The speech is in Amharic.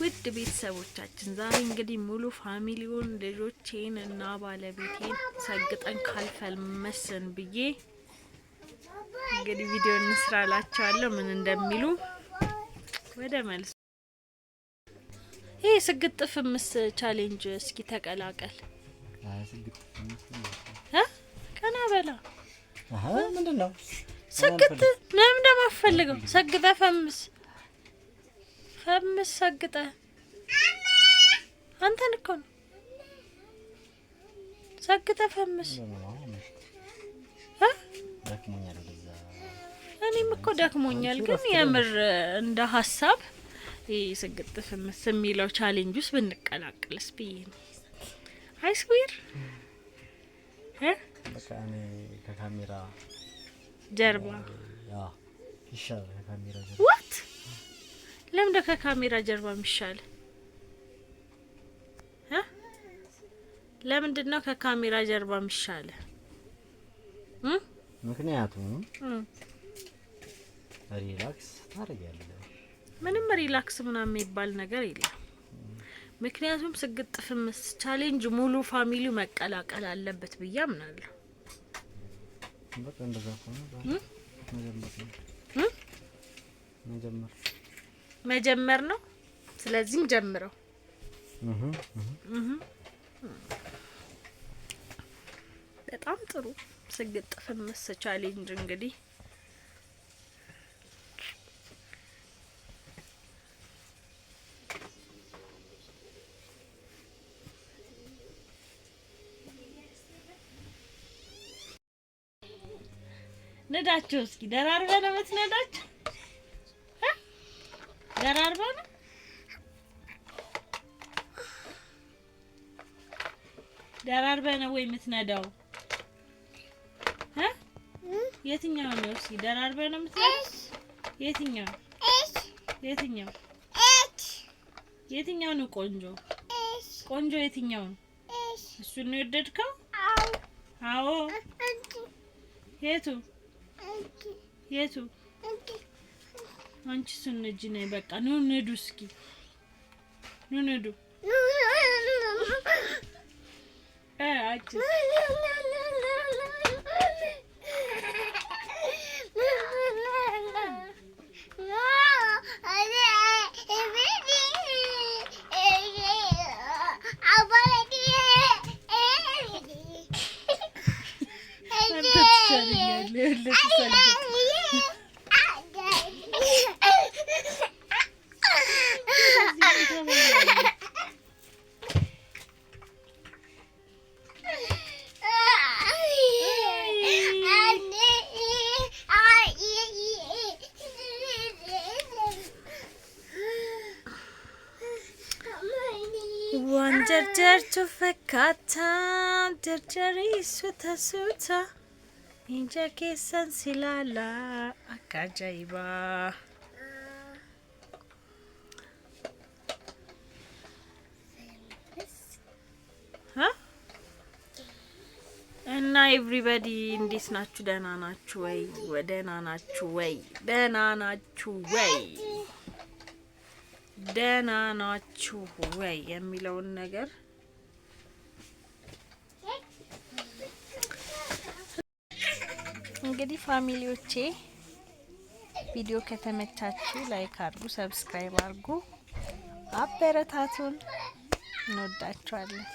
ውድ ቤተሰቦቻችን ዛሬ እንግዲህ ሙሉ ፋሚሊውን ልጆቼን እና ባለቤቴን ሰግጠን ካልፈልመስን ብዬ እንግዲህ ቪዲዮ እንስራላቸዋለሁ ምን እንደሚሉ ወደ መልሱ። ይህ ስግጥ ፍምስ ቻሌንጅ እስኪ ተቀላቀል ቀና በላ ምንድን ነው ስግጥ ምንም እንደማፈልገው ሰግጠ ፈምስ ከምሰግጠ አንተን እኮ ነው ሰግጠ ፈምስ። እኔም እኮ ደክሞኛል፣ ግን የምር እንደ ሀሳብ ይህ ስግጥ የሚለው ቻሌንጅ ውስጥ ብንቀላቅልስ ብዬ ነው። አይስዊር ከካሜራ ጀርባ ይሻላል። ከካሜራ ጀርባ ለምን ከካሜራ ጀርባ የሚሻል ለምንድን ነው ከካሜራ ጀርባ የሚሻለ? ምክንያቱም ሪላክስ ታደርጋለህ። ምንም ሪላክስ ምናምን የሚባል ነገር የለም። ምክንያቱም ስግጥ ፍምስ ቻሌንጅ ሙሉ ፋሚሊው መቀላቀል አለበት ብዬ አምናለሁ። በቃ እንደዛ ከሆነ መጀመር መጀመር ነው። ስለዚህም ጀምረው በጣም ጥሩ ስግጥ ፍምስ ቻሌንጅ እንግዲህ ነዳቸው እስኪ ደራርበ የምትነዳቸው። ደራርባ ነው። ደራርበ ነው ወይ የምትነዳው? የትኛው ነው? እስኪ ደራርበ ነው የምትነዳው? የትኛው የትኛው የትኛው ነው ቆንጆ? ቆንጆ የትኛው ነው? እሱን ነው የወደድከው? አዎ። የቱ የቱ አንቺስ ነጂ ነይ በቃ ኑ ንዱ እስኪ ኑ ንዱ እ አንቺ Derder tufakata, derderi suta in Ninja kesan silala akajaiba. እና ኤቭሪበዲ እንዴት ናችሁ? ደህና ናችሁ ወይ? ደህና ናችሁ ወይ? ደህና ናችሁ ወይ? ደህና ናችሁ ወይ የሚለውን ነገር እንግዲህ ፋሚሊዎቼ ቪዲዮ ከተመቻችሁ ላይክ አድርጉ፣ ሰብስክራይብ አድርጉ፣ አበረታቱን። እንወዳችኋለን።